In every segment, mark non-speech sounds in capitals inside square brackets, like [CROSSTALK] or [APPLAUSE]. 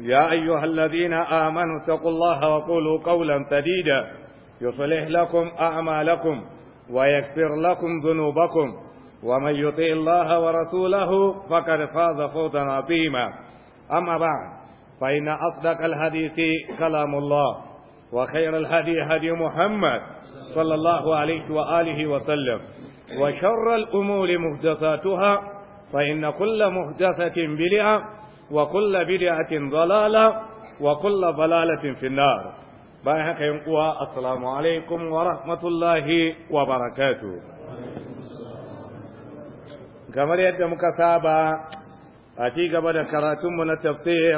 يا أيها الذين آمنوا اتقوا الله وقولوا قولا سديدا يصلح لكم أعمالكم ويكفر لكم ذنوبكم ومن يطع الله ورسوله فقد فاز فوزا عظيما أما بعد فإن أصدق الحديث كلام الله وخير الهدي هدي محمد صلى الله عليه وآله وسلم وشر الأمور مهدساتها فإن كل مهدسة بلعة wa kulla bid'atin dalala wa kulla dalalatin finnar bayan haka yan uwa assalamu alaikum wa rahmatullahi wa barakatuh kamar yadda muka saba a ci gaba da karatunmu na tafsir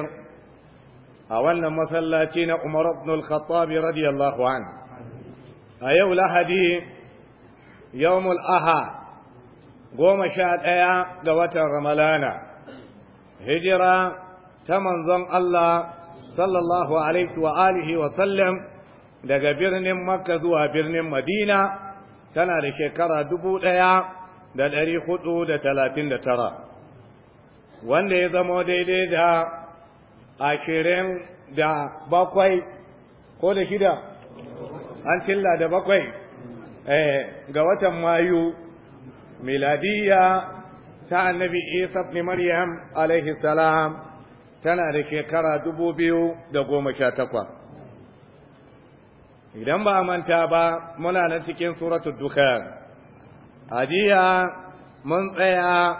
a wannan masallaci na Umar ibn al-Khattab radiyallahu anhu a yau Lahadi yawmul aha goma sha ɗaya ga watan Ramalana hijira ta manzon Allah sallallahu alaihi wa alihi wa sallam daga birnin Makka zuwa birnin Madina tana da shekara dubu ɗaya da ɗari hudu da talatin da tara wanda ya zama daidai da ashirin da bakwai ko da shida an cilla da bakwai eh, ga watan mayu miladiya ta annabi isa ibn maryam alaihi salam tana da shekara dubu biyu da goma sha takwas idan ba manta ba muna nan cikin suratul dukhan adiya mun tsaya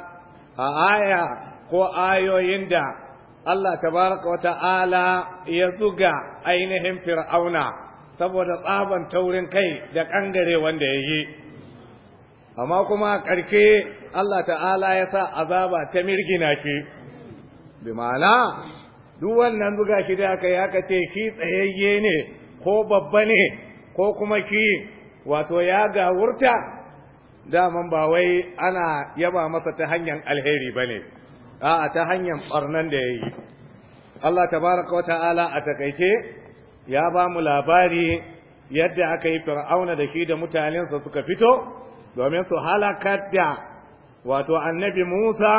a aya ko ayoyin da Allah tabaraka wa ta'ala ya zuga ainihin fir'auna saboda tsaban taurin kai da kangare wanda ya yi amma kuma a ƙarke Allah ta'ala ya sa azaba ta mirgina ki bi ma'ana duk wannan buga shi da aka yi aka ce ki tsayayye ne ko babba ne ko kuma ki wato ya gawurta daman ba wai ana yaba masa ta hanyar alheri ba ne a'a ta hanyar ɓarnan da ya yi Allah tabaraka wa ta'ala a takaice ya ba mu labari yadda aka yi fir'auna da shi da mutanensa suka fito domin su halakar da wato annabi Musa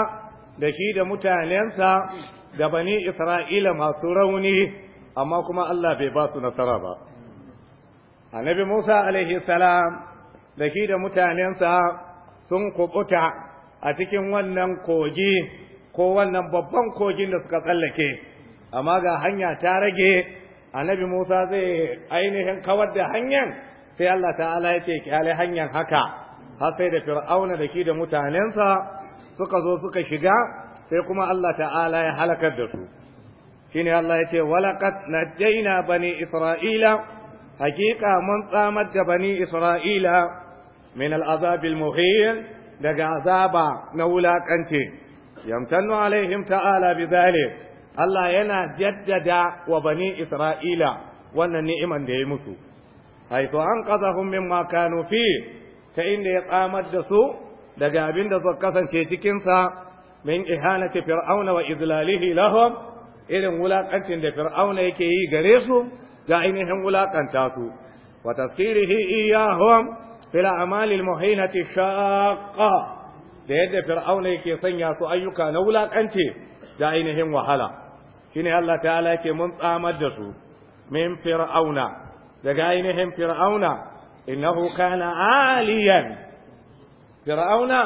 da shi da mutanensa da bani Isra'ila masu rauni amma kuma Allah bai ba su nasara ba annabi Musa alaihi salam da shi da mutanensa sun kubuta a cikin wannan kogi ko wannan babban kogin da suka tsallake amma ga hanya ta rage annabi Musa zai ainihin kawar da hanyar sai Allah ta'ala ya ce kyale hanyar haka har sai da fir'auna da shi da mutanensa suka zo suka shiga sai kuma Allah ta'ala ya halakar da su shine Allah ya ce walaqad najjayna bani isra'ila haqiqa mun tsamar da bani isra'ila min al'azab al-muhin daga azaba na wulakanci yamtannu alaihim ta'ala bidhalik Allah yana jaddada wa bani isra'ila wannan ni'iman da ya musu an anqadhahum mimma kanu fi ta inda ya tsamar da su daga abin da suka kasance cikinsa min ihanati fir'auna wa izlalihi lahum irin wulakancin da fir'auna yake yi gare su da ainihin wulakanta su wa tasirihi iyahum fil a'malil muhinati shaqqa da yadda fir'auna yake sanya su ayyuka na wulakanci da ainihin wahala shine Allah ta'ala yake mun tsamar da su min fir'auna daga ainihin fir'auna innahu kana aliyan fir'auna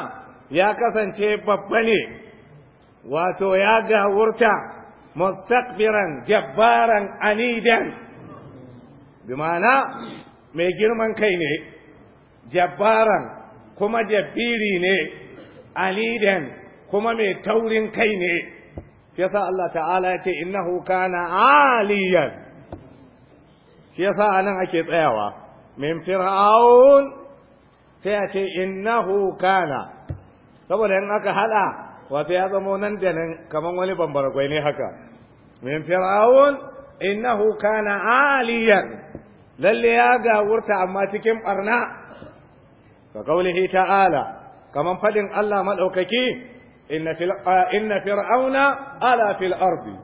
ya kasance babba ne wato ya gawurta mustakbiran jabbaran anidan bi mai girman kai ne jabbaran kuma jabbiri ne anidan kuma mai taurin kai ne yasa Allah ta'ala ya ce innahu kana aliyan nan anan ake tsayawa min fir'aun sai a ce innahu kana saboda in aka hada wato ya zama nan da nan kaman wani bambaragwai ne haka min fir'aun innahu kana aliyan lalle ya gawurta amma cikin barna ka kaulihi ta'ala kaman fadin Allah madaukaki inna inna fir'auna ala fil ardi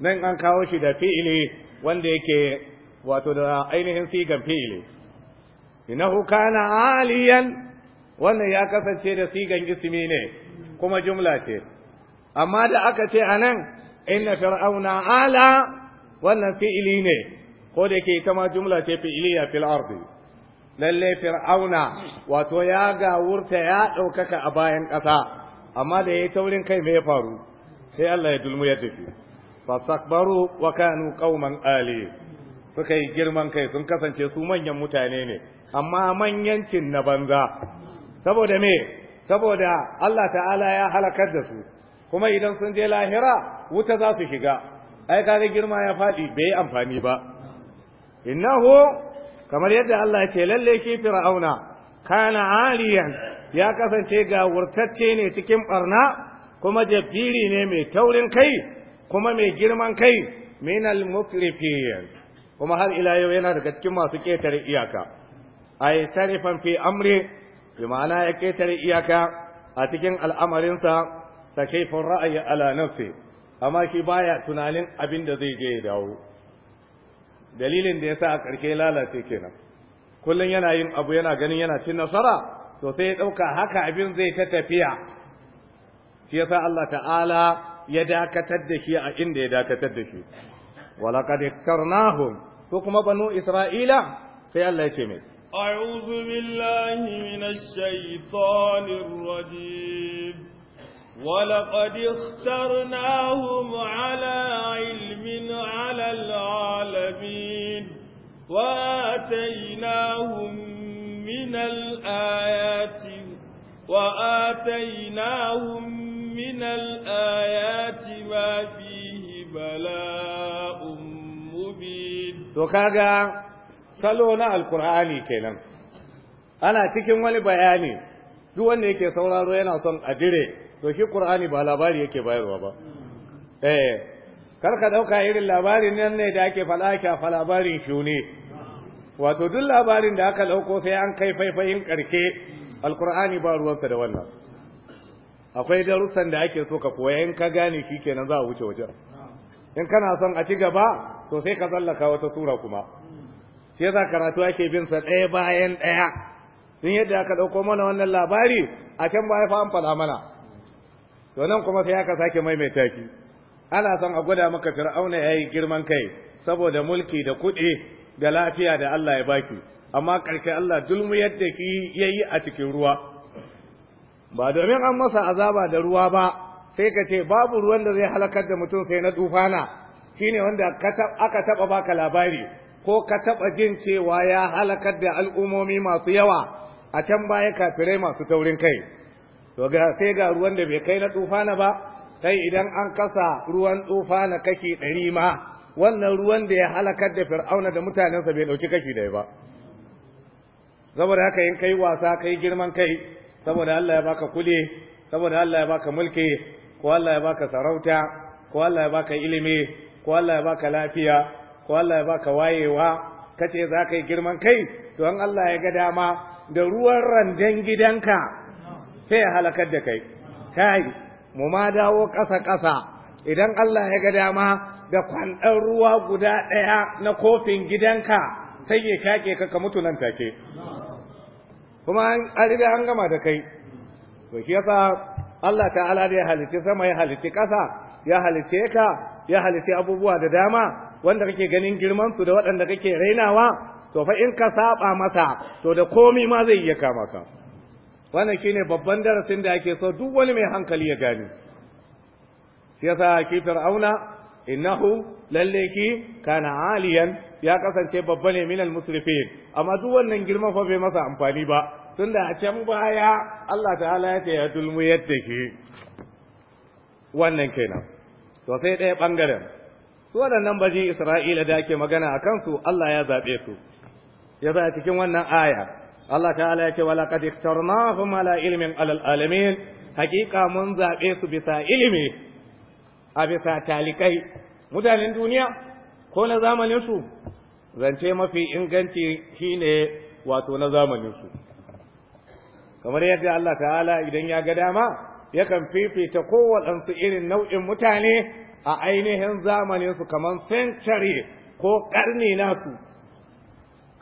nan an kawo shi da fi'ili wanda yake wato da ainihin sigan fi'ili innahu kana aliyan wannan ya kasance da sigan ismi ne kuma jumla ce amma da aka ce anan inna fir'auna ala wannan fi'ili ne ko da ke ita ma jumla ce fi'iliya fil ardi lalle fir'auna wato ya gawurta ya ɗaukaka a bayan ƙasa amma da yayi taurin kai me ya faru sai Allah ya dulmu ya tafi fasakbaru wa kanu qauman ali suka yi girman kai sun kasance su manyan mutane ne amma manyancin na banza saboda me saboda Allah ta'ala ya halakar da su kuma idan sun je lahira wuta za su shiga ai kaga girma ya faɗi bai yi amfani ba innahu kamar yadda Allah ce lalle ki fir'auna kana aliyan ya kasance ga wurtacce ne cikin barna kuma jabiri ne mai taurin kai kuma mai girman kai minal kuma har ila yau yana daga cikin masu ƙetare iyaka ay tarifan fi amri bi ma'ana ya ƙetare iyaka a cikin al'amarinsa takayfun ra'ayi ala nafsi amma shi baya tunanin abin da zai je ya dawo dalilin da yasa a ƙarshe lalace kenan kullum yana yin abu yana ganin yana cin nasara to sai ya ɗauka haka abin zai ta tafiya shi yasa Allah ta'ala ya dakatar da shi a inda ya dakatar da shi walaƙad karnahum ko kuma banu isra'ila sai Allah ya ce mai a'udhu billahi minash shaitanir rajim ولقد اخترناهم على علم على العالمين وآتيناهم من الآيات وآتيناهم من الآيات ما فيه بلاغ to kaga salo na alkur'ani kenan ana cikin wani bayani duk wanda yake sauraro yana son a dire to shi qur'ani ba labari yake bayarwa ba eh kar ka dauka irin labarin nan ne da ake fada ake fa labarin shuni wato duk labarin da aka dauko sai an kai faifayin karke alkur'ani ba ruwansa da wannan akwai darussan da ake so ka koya in ka gane kenan za a wuce wajen in kana son a ci gaba to sai ka tsallaka wata sura kuma shi za karatu ake bin sa ɗaya bayan ɗaya tun yadda aka ɗauko mana wannan labari a can baya fa an faɗa mana to nan kuma sai aka sake maimaita ki ana son a gwada maka fir'auna ya yi girman kai saboda mulki da kuɗi da lafiya da Allah ya baki amma ƙarshe Allah dulmu yadda ki ya yi a cikin ruwa ba domin an masa azaba da ruwa ba sai ka ce babu ruwan da zai halakar da mutum sai na dufana ne wanda aka taba baka labari ko ka taba jin cewa ya halakar da al'ummomi masu yawa a can baya kafirai masu taurin kai to ga sai ga ruwan da bai kai na tufana ba sai idan an kasa ruwan tufana kashi ɗari ma wannan ruwan da ya halakar da fir'auna da mutanensa bai ɗauki kashi ɗaya ba saboda haka in kai wasa kai girman kai saboda Allah ya baka kule saboda Allah ya baka mulki ko Allah ya baka sarauta ko Allah ya baka ilimi ko Allah ya baka lafiya ko Allah ya baka wayewa kace za ka yi girman kai don an Allah ya ga dama da ruwan randan gidanka sai ya halakar da kai kai mu ma dawo ƙasa ƙasa idan Allah ya ga dama da kwandan ruwa guda ɗaya na kofin gidanka sai ya kake ka ka mutu nan take kuma an an gama da kai to shi yasa Allah ta'ala da ya halicci sama ya halicci ƙasa ya halicce ka ya halitta abubuwa da dama wanda kake ganin girman su da waɗanda kake rainawa to fa in ka saba masa to da komai ma zai iya kama ka wannan shine babban darasin da ake so duk wani mai hankali ya gani shi yasa ki fir'auna innahu lalle ki kana aliyan ya kasance babba ne min al musrifin amma duk wannan girman fa bai masa amfani ba tunda a can baya Allah ta'ala ya ce ya dulmu yadda ki wannan kenan to sai ɗaya ɓangaren su waɗannan baji isra'ila da ake magana a kansu allah ya zaɓe su ya za cikin wannan aya Allah ta'ala ya ce wala qad iktarnahum ala ilmin alal alamin hakika mun zaɓe su bisa ilimi a bisa talikai mutanen duniya ko na zamanin su zance mafi inganci shine wato na zamanin su kamar yadda Allah ta'ala idan ya ga dama yakan fifita ɗansu irin nau'in mutane a ainihin zamaninsu kamar century ko ƙarni nasu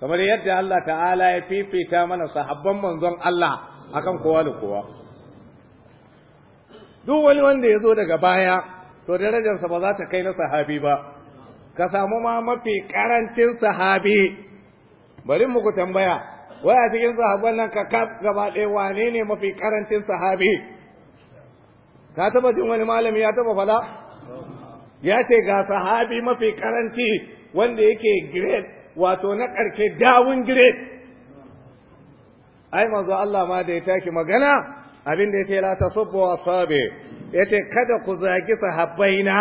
kamar yadda Allah ta'ala ya fifita mana sahabban manzon Allah akan kowa da kowa duk wani wanda ya zo daga baya to darajarsa ba za ta kai na sahabi ba ka samu ma mafi karancin sahabi bari muku tambaya waya cikin sahabban nan ka kaf gaba ɗaya wane ne mafi karancin sahabi ka taba jin wani malami ya taba fada ya ce ga sahabi mafi karanci wanda yake giret wato na karfe dawun giret. ai manzo Allah ma da ya taki magana abin da ya ce la tasubbu asabi ya ce kada ku zagi sahabbaina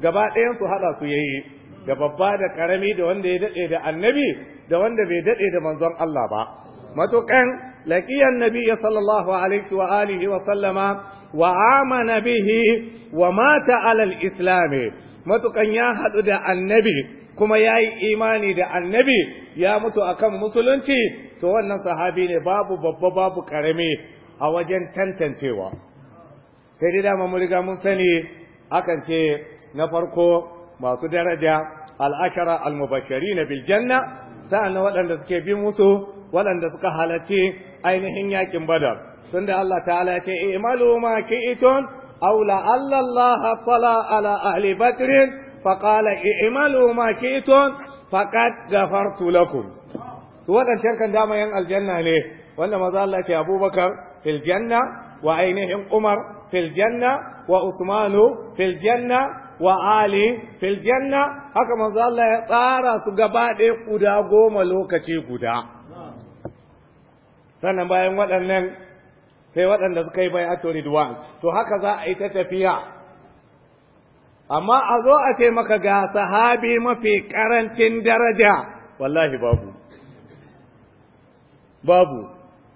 gaba ɗayan su haɗa su yayi da babba da karami da wanda ya daɗe da annabi da wanda bai daɗe da manzon Allah ba matukan لقي النبي صلى الله عليه وآله وسلم وآمن به ومات على الإسلام matukan ya haɗu da annabi kuma ya yi imani da annabi ya mutu akan musulunci to wannan sahabi ne babu babba babu ƙarami a wajen tantancewa sai dai dama mun riga mun sani akan ce na farko masu daraja al'ashara al-mubashari na biljanna sa'an waɗanda suke bi musu waɗanda suka halarci ainihin yakin badar tunda Allah ta'ala ce i'malu ma ki'tun aw la Allah Sala ala ahli badr fa qala i'malu ma ki'tun faqad ghafartu lakum su waɗancan kan dama yan aljanna ne wanda maza Allah ce Abubakar fil janna wa ainihin Umar fil janna wa Usmanu fil janna wa ali fil janna haka manzo Allah ya tsara su gaba ɗaya guda goma lokaci guda sannan bayan waɗannan sai waɗanda suka yi bai'atu ridwan to haka za a yi ta tafiya amma a zo a ce maka ga sahabi mafi ƙarancin daraja wallahi babu babu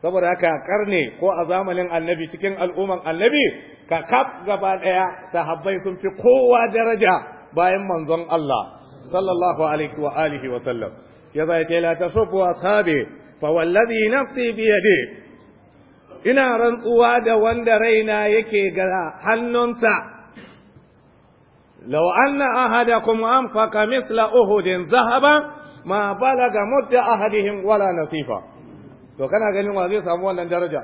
saboda haka karne ko a zamanin annabi cikin al'umman annabi ka kaf gaba ɗaya sahabbai sun fi kowa daraja bayan manzon Allah sallallahu alaihi wa alihi wa sallam ya zai ce ta tasubbu ashabi fa wallazi nafsi bi ina rantsuwa da wanda raina yake ga hannunsa law anna ahadakum anfaqa mithla uhudin Zahaba, ma balaga mutta ahadihim wala nasifa to kana ganin wa zai samu wannan daraja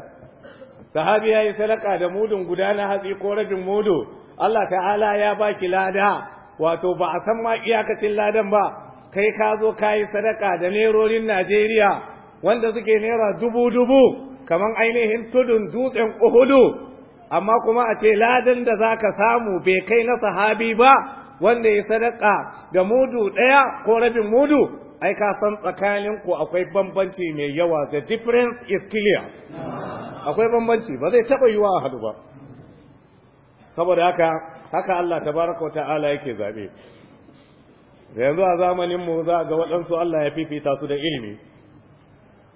sahabi yayi sadaka da mudun guda na hatsi ko rabin mudu Allah ta'ala ya baki lada wato ba a san ma iyakacin ladan ba kai ka zo ka sadaka da nerorin Najeriya wanda suke naira dubu dubu kaman ainihin tudun dutsen uhudu amma kuma a ce ladan da za ka samu bai kai na sahabi ba wanda ya sadaka da mudu ɗaya ko rabin mudu ai ka san tsakaninku akwai bambanci mai yawa the difference is clear akwai bambanci ba zai taɓa yiwa a ba saboda haka haka Allah tabaraka ta'ala yake zaɓe yanzu a zamaninmu za ga waɗansu Allah ya fifita su da ilimi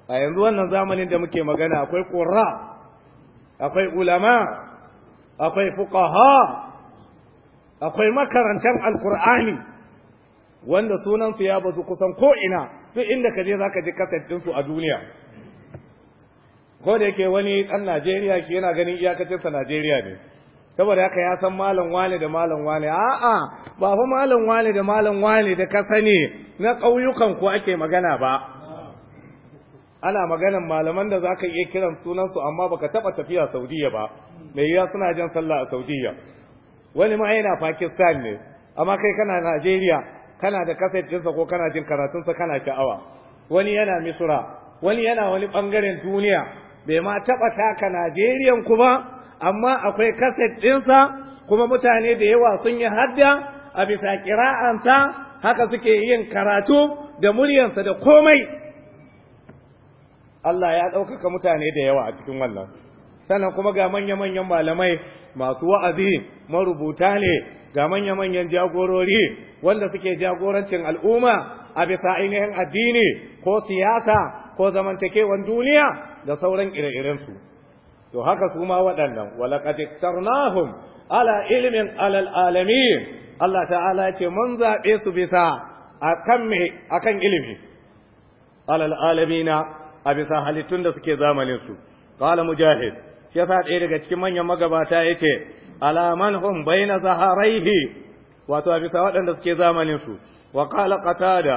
a yanzu wannan zamanin da muke magana akwai ƙura akwai ulama akwai fuqaha akwai makarantar alkur'ani wanda sunansu ya bazu kusan ko'ina duk inda ka je za ka ji kasantinsu a duniya ko da yake wani ɗan najeriya ke yana ganin iyakacinsa najeriya ne saboda haka ya san malam wane da malam wane a'a ba fa malam wane da malam wane da ka sani na ƙauyukan ku ake magana ba ana maganan malaman da zaka iya kiran sunansu amma baka taba tafiya Saudiya ba mai yiwa suna jan sallah a Saudiya wani ma yana Pakistan ne amma kai kana Najeriya kana da kaset ɗinsa ko kana jin karatunsa kana sha'awa wani yana Misra wani yana wani bangaren duniya bai ma taba taka Najeriyan kuma amma akwai kaset ɗinsa kuma mutane da yawa sun yi hadda a bisa kira'anta haka suke yin karatu da muryansa da komai Allah ya ɗaukaka mutane da yawa a cikin wannan sannan kuma ga manya-manyan malamai masu wa'azi marubuta ne ga manya-manyan jagorori wanda suke jagorancin al'umma a bisa ainihin addini ko siyasa ko zamantakewan duniya da sauran ire-irensu to haka su ma waɗannan walaƙad iktarnahum ala ilmin alal alami. Allah ta'ala ce mun zaɓe su bisa akan me akan ilimi alal a bisa halittun da suke zamanin su qala mujahid shi yasa ɗaya daga cikin manyan magabata yake ala man hum baina zaharaihi wato a bisa waɗanda suke zamanin su wa qala qatada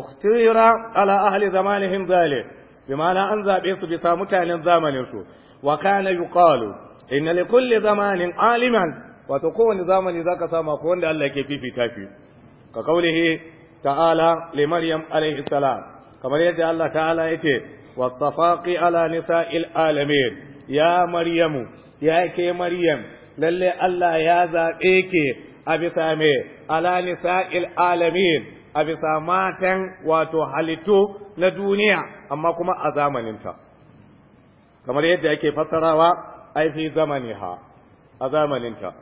ukhtira ala ahli zamanihim zalik ma'ana an zabe su bisa mutanen zamanin su wa kana yuqalu inna kulli zamanin aliman wato kowane zamani zaka sama ko wanda Allah yake fifita shi ka kaulihi ta'ala li maryam alayhi salam kamar yadda Allah ta'ala yake والصفاق على نساء العالمين يا مريم يا كي مريم للي الله يا ذاك أبي سامي على نساء العالمين أبي سامات وتحلتو لدنيا أما كما أزامن انت كما يدعي كي فترى أي في زمنها أزامن انت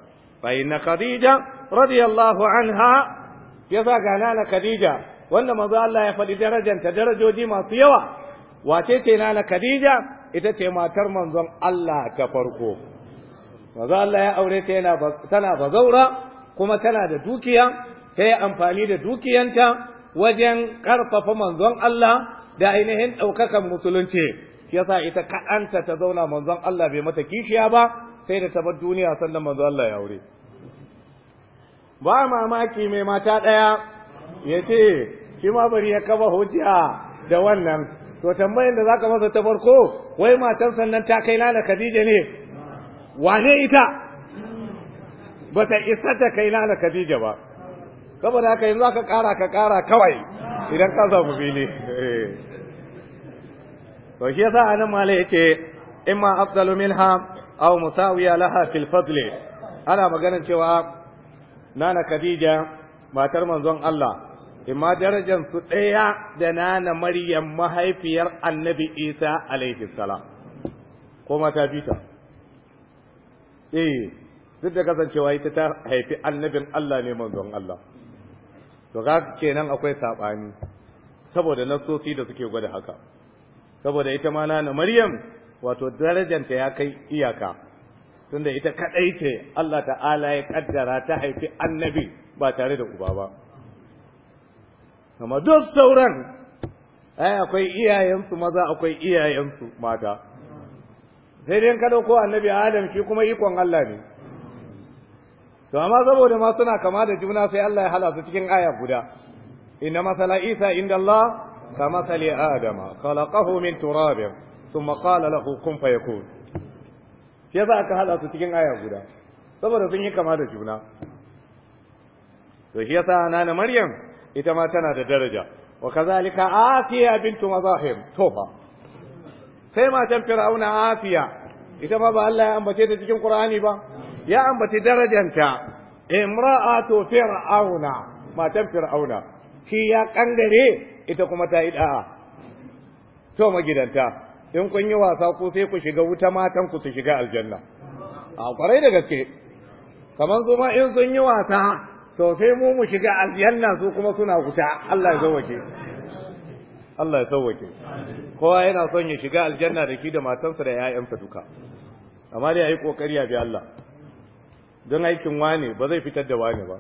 فإن خديجة رضي الله عنها يزاق عنانا خديجة وأن مضى الله يفضل درجة درجة دي ما سيوا wace ce na Khadija ita ce matar manzon Allah ta farko manzo Allah ya aure ta yana tana bazaura kuma tana da dukiya ta yi amfani da dukiyanta wajen karfafa manzon Allah da ainihin ɗaukakan musulunci shi yasa ita kaɗanta ta zauna manzon Allah bai mata kishiya ba sai da ta bar duniya sannan manzon Allah ya aure ba mamaki mai mata ɗaya yace ce shi ma bari ya kaba hujja da wannan to tambayar da zaka masa ta farko wai matan sannan ta kai lana Khadija ne wane ita bata isa ta kai lana Khadija ba saboda haka yanzu ka kara ka kara kawai idan ka samu fili to shi yasa anan mala yake imma afdalu minha aw musawiya laha fil fadli ana maganar cewa nana Khadija matar manzon Allah imma darajar su ɗaya da nana maryam mahaifiyar annabi isa alaihi salam ko mata bita eh duk da kasancewa ita ta haifi annabin Allah ne manzon Allah to ga kenan akwai saɓani saboda nasosi da suke gwada haka saboda ita ma nana maryam wato darajanta ya kai iyaka tunda ita kadai ce Allah ta'ala ya kaddara ta haifi annabi ba tare da uba ba Kama duk sauran ai akwai iyayensu maza akwai iyayensu mata sai dai kada ko annabi adam shi kuma ikon Allah ne to amma saboda ma suna kama da juna sai Allah ya halasu su cikin aya guda inna masala isa inda Allah ka sali adama khalaqahu min turab thumma qala lahu kun fayakun shi yasa aka halasu su cikin aya guda saboda sun yi kama da juna to shi yasa nana maryam ita ma tana da daraja wa kazalika afiya bintu mazahim tofa sai matan fir'auna afiya ita ma ba Allah ya ambace ta cikin Qur'ani ba ya ambace darajanta imra'atu fir'auna matan fir'auna shi ya kangare ita kuma ta yi da'a to magidanta in kun yi wasa ko sai ku shiga wuta matan ku su shiga aljanna a kwarai da gaske kamar su ma in sun yi wasa to sai mu mu shiga aljanna su kuma suna huta, Allah ya sauwake Allah ya sauwake kowa yana son ya shiga aljanna da ki da matansa da 'ya'yansa duka amma dai ayi kokari a bi Allah don aikin wani ba zai fitar da wani ba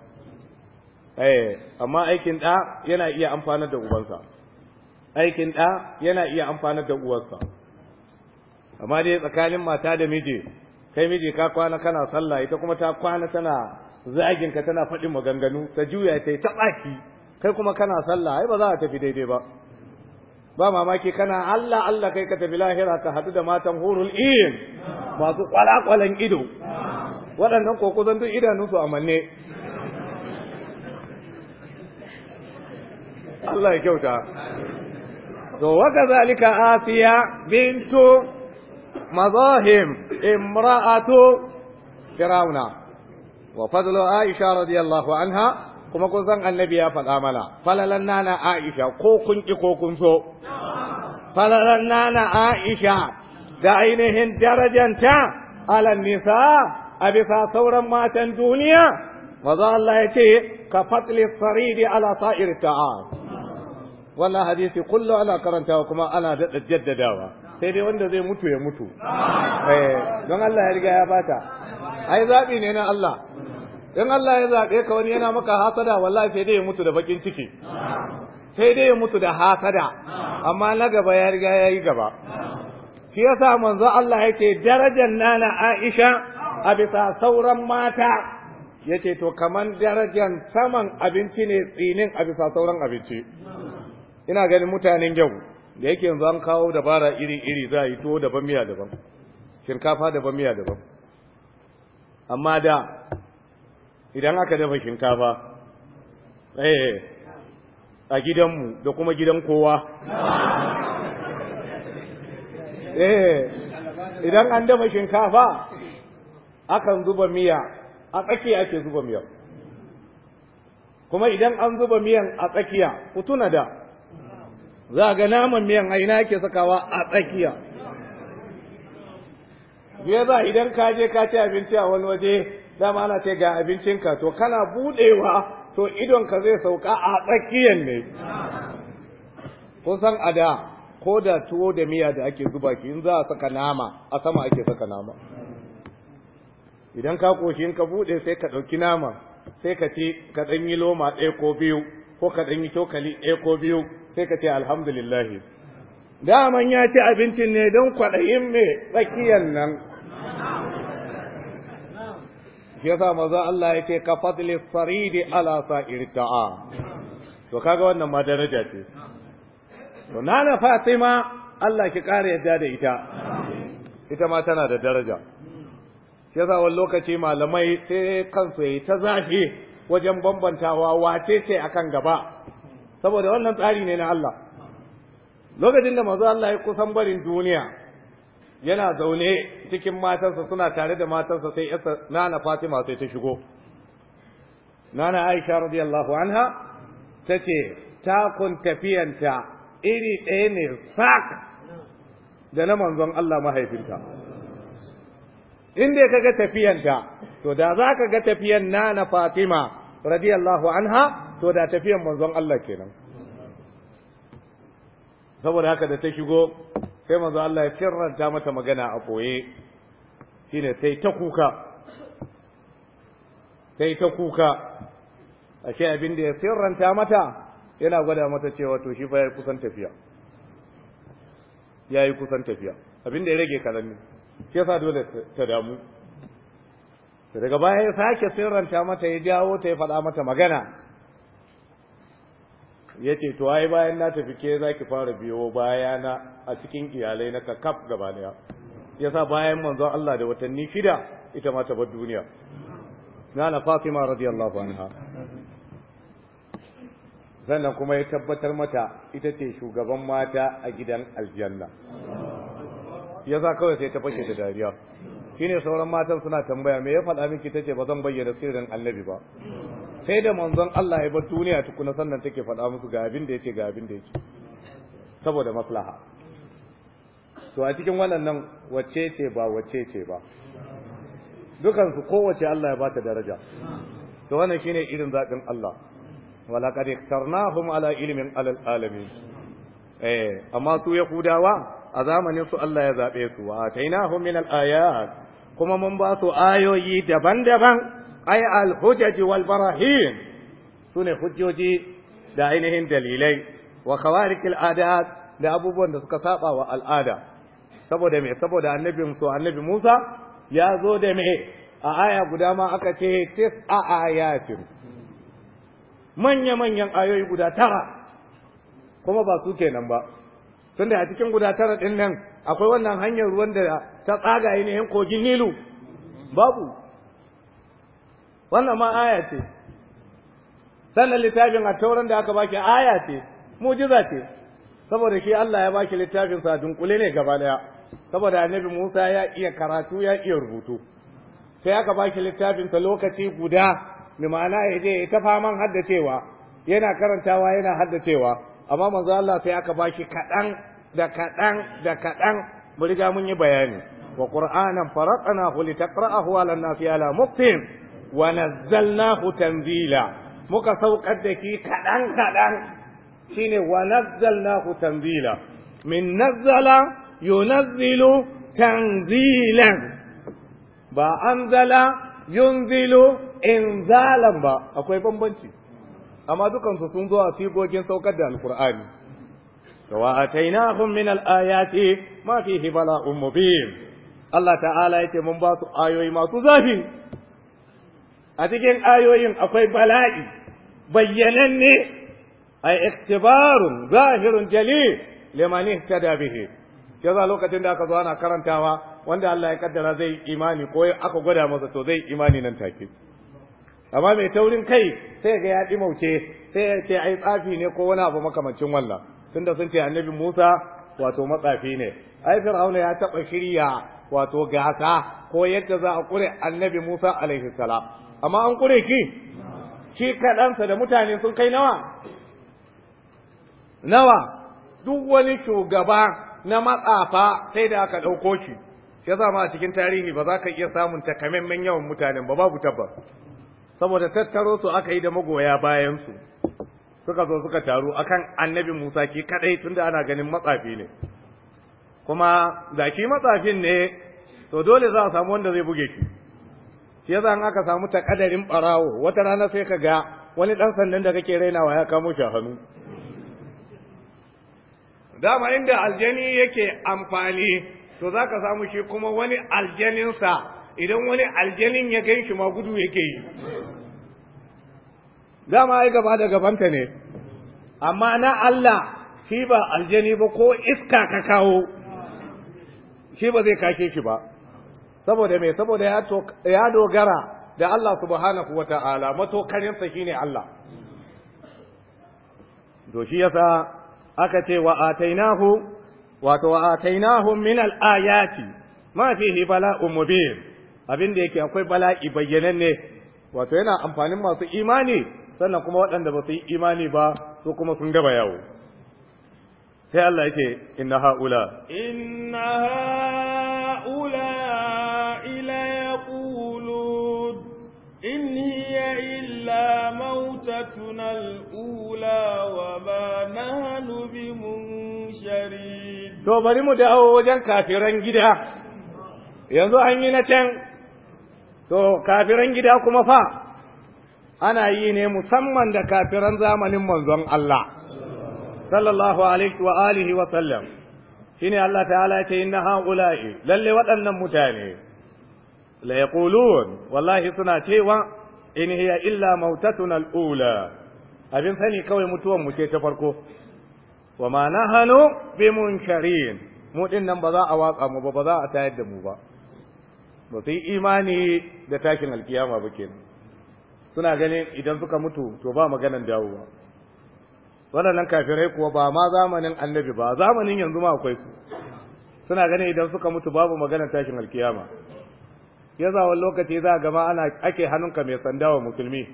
eh amma aikin da yana iya amfanar da ubansa aikin da yana iya amfanar da uwarsa amma dai tsakanin mata da miji kai miji ka kwana kana sallah ita kuma ta kwana tana zagin ka tana faɗin maganganu ta juya ta yi ta tsaki kai kuma kana sallah ai ba za a tafi daidai ba ba mamaki kana Allah Allah kai ka tafi lahira ka hadu da matan hurul iyin masu kwalakwalan ido waɗannan koko zan duk idanunsu a manne Allah ya kyauta to waka zalika Asiya, bintu mazahim imra'atu firauna wa fadlu aisha radiyallahu anha kuma kun san annabi ya faɗa mana falalan nana aisha ko kun ki ko kun so falalan nana aisha da ainihin darajanta ala nisa a sauran matan duniya maza Allah ya ce ka fatli saridi ala sa'ir ta'a. wannan hadisi kullum ana karantawa kuma ana daɗa jaddadawa sai dai wanda zai mutu ya mutu eh, don Allah ya riga ya bata ai zaɓi ne na Allah in Allah ya zaɓe ka wani yana maka hasada wallahi sai dai ya mutu da bakin ciki sai dai ya mutu da hasada amma na gaba ya riga ya yi gaba shi yasa manzo Allah yake darajar nana Aisha a bisa sauran mata yace to kamar darajar saman abinci ne tsinin a bisa sauran abinci ina ganin mutanen yau da yake yanzu an kawo dabara iri-iri za a yi tuwo daban miya daban shinkafa daban miya daban amma da idan aka dafa shinkafa eh a gidanmu da kuma gidan kowa eh idan an dafa shinkafa akan zuba miya a tsakiya ake zuba miya kuma idan an zuba miyan a tsakiya ku tuna da za ga naman miyan aina ake sakawa a tsakiya biya za idan ka je ka ci abinci a wani waje dama ana ce ga abincinka to kana budewa to ka zai sauka a tsakiyan ne kusan a da ko da tuwo da miya da ake zuba ki in za a saka nama a sama ake saka nama idan ka koshi in ka bude sai ka ɗauki nama sai ka ce ka ɗan yi loma ɗaya ko biyu ko ka ɗan yi cokali ɗaya ko biyu sai ka ce alhamdulillahi daman ya ci abincin ne don kwaɗayin mai tsakiyan nan shi yasa maza Allah ya ce ka fadli faridi ala sa'ir ta'a to kaga wannan ma daraja ce to nana Fatima Allah ki kare yadda da ita ita ma tana da daraja shi yasa wani lokaci malamai sai kansu yayi ta zafi wajen bambantawa wace ce akan gaba saboda wannan tsari ne na Allah lokacin da maza Allah ya kusan barin duniya yana zaune cikin matarsa suna tare da matarsa sai yasa nana fatima sai ta shigo nana aisha radiyallahu anha ta ce takun tafiyanta iri ɗaya ne sak da na manzon Allah mahaifinta inda ka ga tafiyanta to da za ka ga tafiyan nana fatima radiyallahu anha to da tafiyan manzon Allah kenan saboda haka da ta shigo sai manzo Allah ya kirranta mata magana a koye shine sai ta kuka sai ta kuka ashe abin da ya kirranta mata yana gwada mata cewa to shi fa yayi kusan tafiya yayi kusan tafiya abin da ya rage kalanni ne shi yasa dole ta damu daga baya ya sake sirranta mata ya jawo ta ya faɗa mata magana ya ce to ai bayan na tafi ke za ki fara biyo bayana a cikin iyalai na kakaf gaba daya ya sa bayan manzo Allah da watanni shida ita ma ta bar duniya nana fatima radiyallahu anha sannan kuma ya tabbatar mata ita ce shugaban mata a gidan aljanna ya sa kawai sai ta fashe da dariya shine sauran matan suna tambaya me ya faɗa miki tace ba zan bayyana sirrin annabi ba sai da manzon Allah ya bar duniya tukuna sannan take faɗa musu ga abin da yake ga abin da yake saboda maslaha to a cikin waɗannan wacce ce ba wacce ce ba dukan su kowace Allah ya ba ta daraja to wannan shine irin zaɓin Allah wala qad ikhtarnahum ala ilmin alal alamin eh amma su yahudawa a zamanin su Allah ya zabe su wa tainahum min al ayat kuma mun ba su ayoyi daban-daban ay al-hujaj wal sune hujjoji da ainihin dalilai wa khawarik al-adat da abubuwan da suka saba wa al'ada saboda me saboda annabin so annabi Musa ya zo da me a aya guda ma aka ce tis'a ayatin manya manyan ayoyi guda tara kuma ba su kenan ba tunda a cikin guda tara din nan akwai wannan hanyar ruwan da ta tsaga ainihin kogin Nilu babu wannan ma aya ce sannan littafin a tauran da aka baki aya ce mujiza ce saboda shi Allah ya baki littafin sa dunkule ne gaba daya saboda annabi Musa ya iya karatu ya iya rubutu sai aka baki littafin sa lokaci guda mai ma'ana ya je ta faman haddacewa yana karantawa yana haddacewa amma manzo Allah sai aka baki kadan da kadan da kadan mu riga mun yi bayani wa qur'anan faraqnahu litaqra'ahu 'ala an-nasi 'ala wa nazzalnahu tanzila muka saukar da ki kaɗan kaɗan shine wa nazzalnahu tanzila min nazzala yunzilu tanzilan ba anzala yunzilu inzalan ba akwai bambanci amma dukansu sun zo a sigogin saukar da alkur'ani wa atainahum min al-ayati ma fihi bala'un mubin Allah ta'ala yake mun ba su ayoyi masu zafi a cikin ayoyin akwai bala'i bayyananne ay iktibarun zahirun jali ta ihtada bihi ke za lokacin da aka zo ana karantawa wanda Allah ya kaddara zai imani ko aka gwada masa to zai imani nan take amma mai taurin kai sai ga ya dimauce sai ya ce ai tsafi ne ko wani abu makamancin wannan tunda sun ce annabi Musa wato matsafi ne ai fir'auna ya taba shirya wato gasa ko yadda za a kure annabi Musa alaihi salam amma an kure ki shi kaɗansa da mutane sun kai nawa nawa duk wani shugaba na matsafa sai da aka ɗauko shi shi yasa ma a cikin tarihi ba za ka iya samun takamaiman yawan mutanen ba babu tabbas saboda tattaro su aka yi da magoya bayan su suka zo suka taru akan annabi Musa ki kadai tunda ana ganin matsafi ne kuma zaki ki matsafin ne to dole za a samu wanda zai buge shi shi yasa aka samu kadarin barawo wata rana sai ka ga wani dan sandan da kake rainawa ya kamo shi a hannu dama inda aljani yake amfani to zaka samu shi kuma wani sa idan wani aljanin ya gan shi ma gudu yake yi dama ai gaba da gabanta ne amma na Allah shi ba aljani ba ko iska ka kawo shi ba zai kashe shi ba saboda me saboda ya dogara da Allah subhanahu wa ta'ala matokarinsa ne Allah to shi yasa aka ce wa atainahu wato wa atainahu min al-ayati ma fihi bala'un mubin abin da yake akwai bala'i bayyananne wato yana amfanin masu imani sannan kuma waɗanda ba su yi imani ba su kuma sun gaba yawo sai Allah yake inna ha'ula inna سنتنا الْأُولَى وَمَا نَحْنُ بِمُنْشَرِينَ to bari mu dawo wajen kafiran gida yanzu an yi na can to kafiran gida kuma fa ana yi ne musamman da kafiran zamanin manzon Allah sallallahu alaihi wa alihi wa sallam shine Allah ta'ala ya ce inna haula'i lalle waɗannan mutane la yaqulun wallahi suna cewa in hiya illa mautatuna al’ula, ula abin sani kawai mutuwan mu ce ta farko wa ma nahanu mun mu din nan ba za a watsa mu ba ba za a tayar da mu ba ba su yi imani da takin alkiyama ba ke suna ganin idan suka mutu to ba maganan dawowa waɗannan kafirai kuwa ba ma zamanin annabi ba zamanin yanzu ma akwai su suna ganin idan suka mutu babu maganan tashin alkiyama ya za wani lokaci za a gama ana ake hannunka mai sanda wa musulmi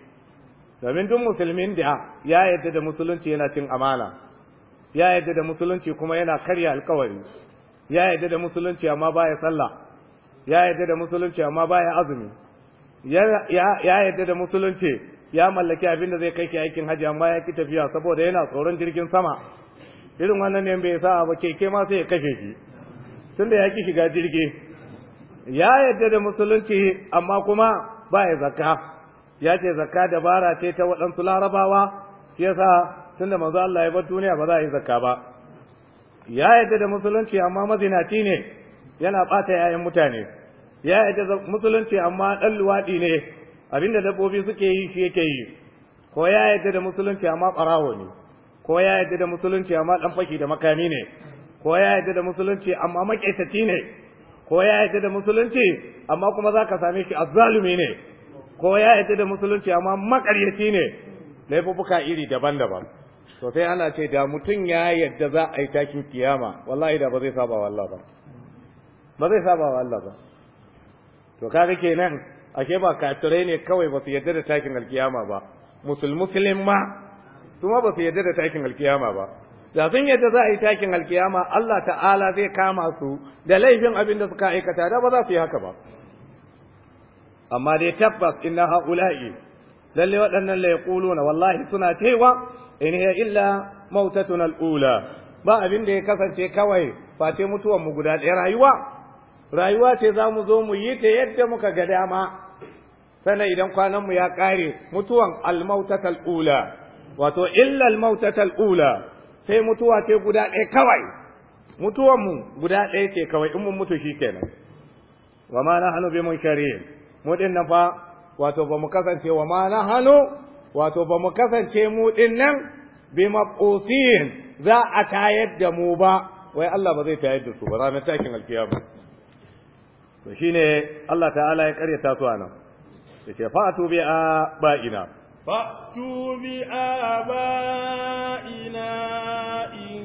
domin duk musulmin da ya yadda da musulunci yana cin amana ya yadda da musulunci kuma yana karya alkawari ya yadda da musulunci amma baya sallah ya yadda da musulunci amma baya azumi ya yadda da musulunci ya mallaki abin da zai kai ki aikin hajji amma ya ki tafiya saboda yana tsoron jirgin sama irin wannan ne bai sa ba keke ma sai ya kashe ki tunda ya ki shiga jirgi ya yadda da musulunci amma kuma ba ya zakka ya ce zakka dabara ce ta waɗansu larabawa shi yasa da manzo Allah ya bar duniya ba za a yi zakka ba ya yadda da musulunci amma mazinaci ne yana ɓata yayan mutane ya yadda da musulunci amma ɗan luwaɗi ne abinda dabbobi suke yi shi yake yi ko ya yadda da musulunci amma ɓarawo ne ko ya yadda da musulunci amma ɗan faki da makami ne ko ya yadda da musulunci amma maƙetaci ne ko ya yi da musulunci amma kuma za ka same shi azzalumi ne ko ya yi da musulunci amma makaryaci ne laifuffuka iri daban-daban to sai ana ce da mutum ya yadda za a yi takin kiyama wallahi da ba zai saba wa Allah ba ba zai saba wa Allah ba to kaga kenan ashe ba kafirai ne kawai ba su yadda da takin alkiyama ba Musulmusulin ma su ma ba su yadda da takin alkiyama ba da sun yadda za a yi takin alkiyama Allah ta'ala zai kama su da laifin abin da suka aikata da ba za su yi haka ba amma dai tabbas inna haula'i lalle waɗannan la yaquluna wallahi suna cewa in hiya illa mautatun al'ula ba abin da ya kasance kawai face mutuwan mu guda ɗaya rayuwa rayuwa ce za mu zo mu yi ta yadda muka ga dama sannan idan kwananmu ya ƙare mutuwan almautatal ula wato illa almautatal ula sai mutuwa ce guda ɗaya kawai mutuwan mu guda ɗaya ce kawai in mun mutu shikenan wa ma hanu bi munkarin mu din nan fa wato ba mu kasance wa ma hanu wato ba mu kasance mu din nan bi maqusin za a tayar da mu ba wai Allah ba zai tayar da su ba ranar takin alkiyama to shine Allah ta'ala ya ta su anan yace fa'atu bi a ba'ina فأتوا بآبائنا إن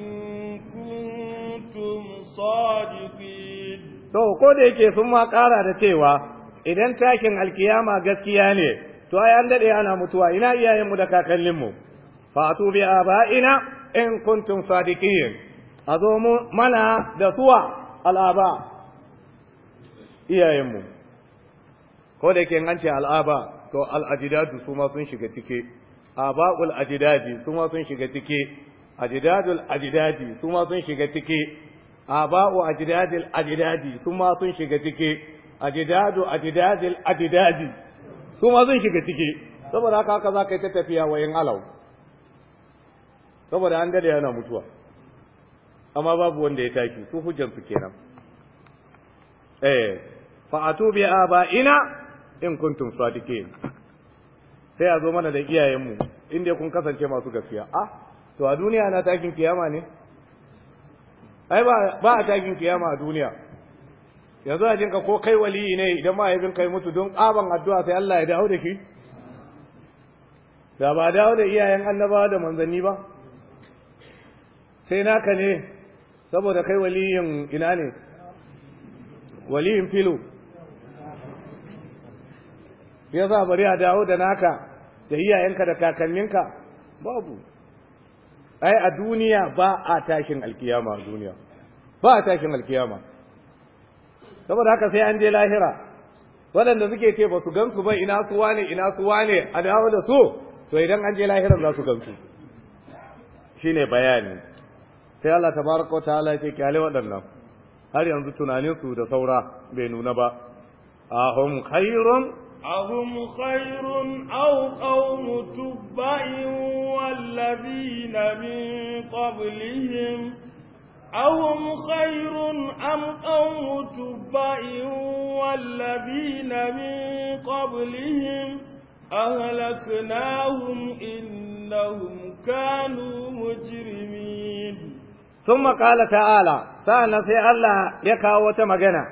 to ko da yake sun ma ƙara da cewa idan takin alkiyama gaskiya ne to ai an daɗe ana mutuwa ina iyayenmu da kakanninmu fatu bi aba'ina in kuntum sadiqin A mu mana da suwa al'aba iyayenmu ko da yake an ce al'aba to al-ajdadu su ma sun shiga cike aba'ul ajdadi su ma sun shiga cike ajdadul ajdadi su ma sun shiga cike aba'u ajdadil ajdadi su ma sun shiga cike ajdadu ajdadil ajdadi su ma sun shiga cike saboda haka haka za ka yi ta tafiya wayan alau saboda an dade yana mutuwa amma babu wanda ya taki su su kenan eh fa'atu bi aba'ina in kuntum sadiqin sai a zo mana da iyayenmu in dai kun kasance masu gaskiya ah to a duniya na takin kiyama ne ai ba ba a takin kiyama a duniya yanzu a jinka ko kai waliyi ne idan mahaifin kai mutu don ƙaban addu'a sai Allah ya dawo da ki da ba dawo da iyayen annabawa da manzanni ba sai naka ne saboda kai waliyin ina ne waliyin filo ya za bari a dawo da naka da iyayenka da kakanninka babu ai a duniya ba a tashin alkiyama a duniya ba a tashin alkiyama saboda haka sai an je lahira waɗanda suke ce ba su gansu ba ina su wane ina su wane a dawo da su to idan an je lahiran za su gansu Shi ne bayani sai Allah baraka wa ta'ala ce kyale waɗannan har yanzu tunaninsu da saura bai nuna ba ahum khairun أهم خير أو قوم تبع والذين من قبلهم أهم خير أم قوم تبع والذين من قبلهم أهلكناهم إنهم كانوا مجرمين ثم قال تعالى سألنا في الله يكاوة مجنة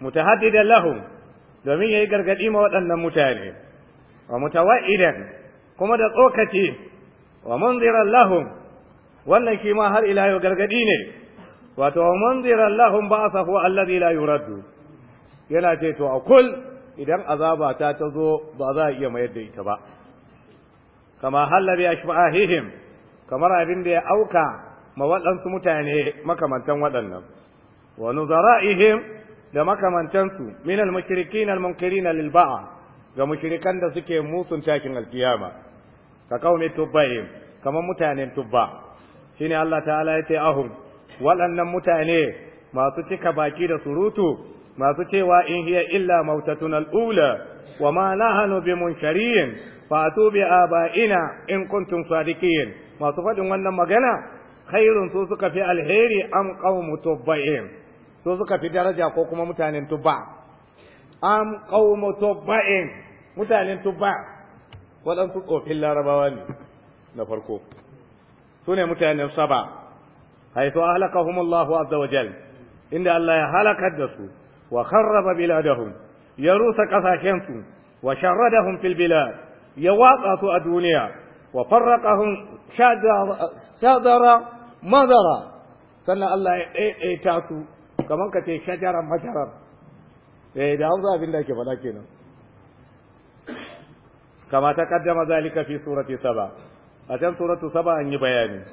متهددا لهم domin ya yi gargadi ma waɗannan mutane wa mutawaidan kuma da tsokaci wa munziran lahum wannan shi ma har ila yau gargadi ne wato wa munziran lahum ba'athahu alladhi la yuraddu yana ce to kul idan azabata ta ta zo ba za a iya mayar da ita ba kama hallabi ashba'ihim kamar abin da ya auka ma waɗansu mutane makamantan waɗannan wa nuzara'ihim da makamantansu min al-mushrikin al-munkirin lil ga mushrikan da suke musun takin alkiyama ka kaumi tubbaim kamar mutanen tubba shine Allah ta'ala yace ahum waɗannan mutane masu cika baki da surutu masu cewa in hiya illa mautatun al'ula wa ma nahanu bi munkarin fatu bi aba'ina in kuntum sadiqin masu faɗin wannan magana khairun su suka fi alheri am qaumu tubba'in su suka fi daraja ko kuma mutanen tubba am qaumu tubba'in mutanen tubba waɗansu tsofin larabawa ne na farko su ne mutanen saba haitu ahlakahum Allahu azza wa jal inda Allah ya halakar da su wa kharraba biladahum ya rusa ƙasashen su wa sharradahum fil bilad ya watsa su a duniya wa farraqahum shadara madara sannan Allah ya ɗaiɗaita su kamar ka ce shajarar masharar eh da hausa abin da ake faɗa kenan kama ta kaddama zalika fi surati saba a can suratu saba an yi bayani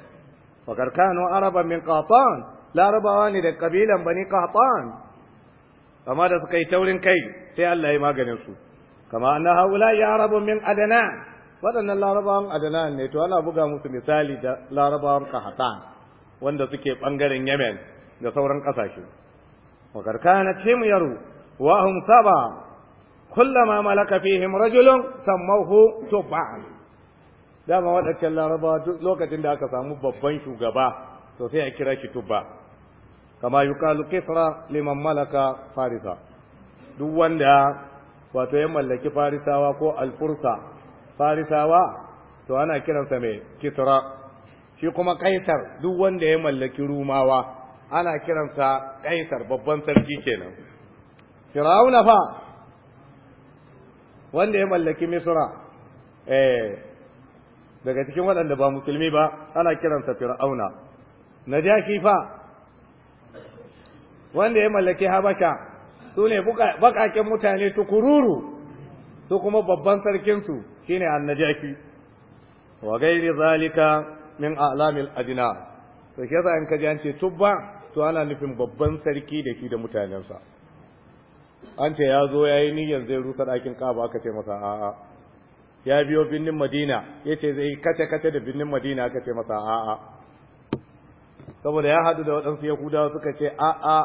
wa karkanu araban min qatan larabawa ne da kabilan bani qatan kama da suka yi taurin kai sai Allah ya maganin su kama anna haula ya arabun min adana waɗannan larabawan adana ne to ana buga musu misali da larabawan qahatan wanda suke bangaren Yemen da sauran ƙasashe وقد كانت حمير وهم سبع كلما ملك فيهم رجل سموه تبعا dama waɗancan laraba duk lokacin da aka samu babban shugaba sosai sai a kira shi tubba kama yuqalu kisra liman malaka farisa duk wanda wato ya mallaki farisawa ko alfursa farisawa to ana kiransa mai kisra shi kuma kaitar duk wanda ya mallaki rumawa ana kiransa kaisar babban sarki kenan fir'auna fa wanda ya mallaki misra eh daga cikin waɗanda ba musulmi ba ana kiransa fir'auna najaki fa wanda ya mallaki habasha su ne baƙaƙen mutane tukururu su kuma babban sarkinsu shine annajaki wa gairi zalika min a'lamil adina to shi yasa in kaji an ce tubba to ana nufin babban sarki da shi da mutanensa an ce ya zo ya yi niyyar zai rusa ɗakin ƙaba, aka ce masa a'a ya biyo birnin madina ya ce zai kace-kace da birnin madina aka ce masa a'a saboda ya haɗu da waɗansu yahudawa suka ce a'a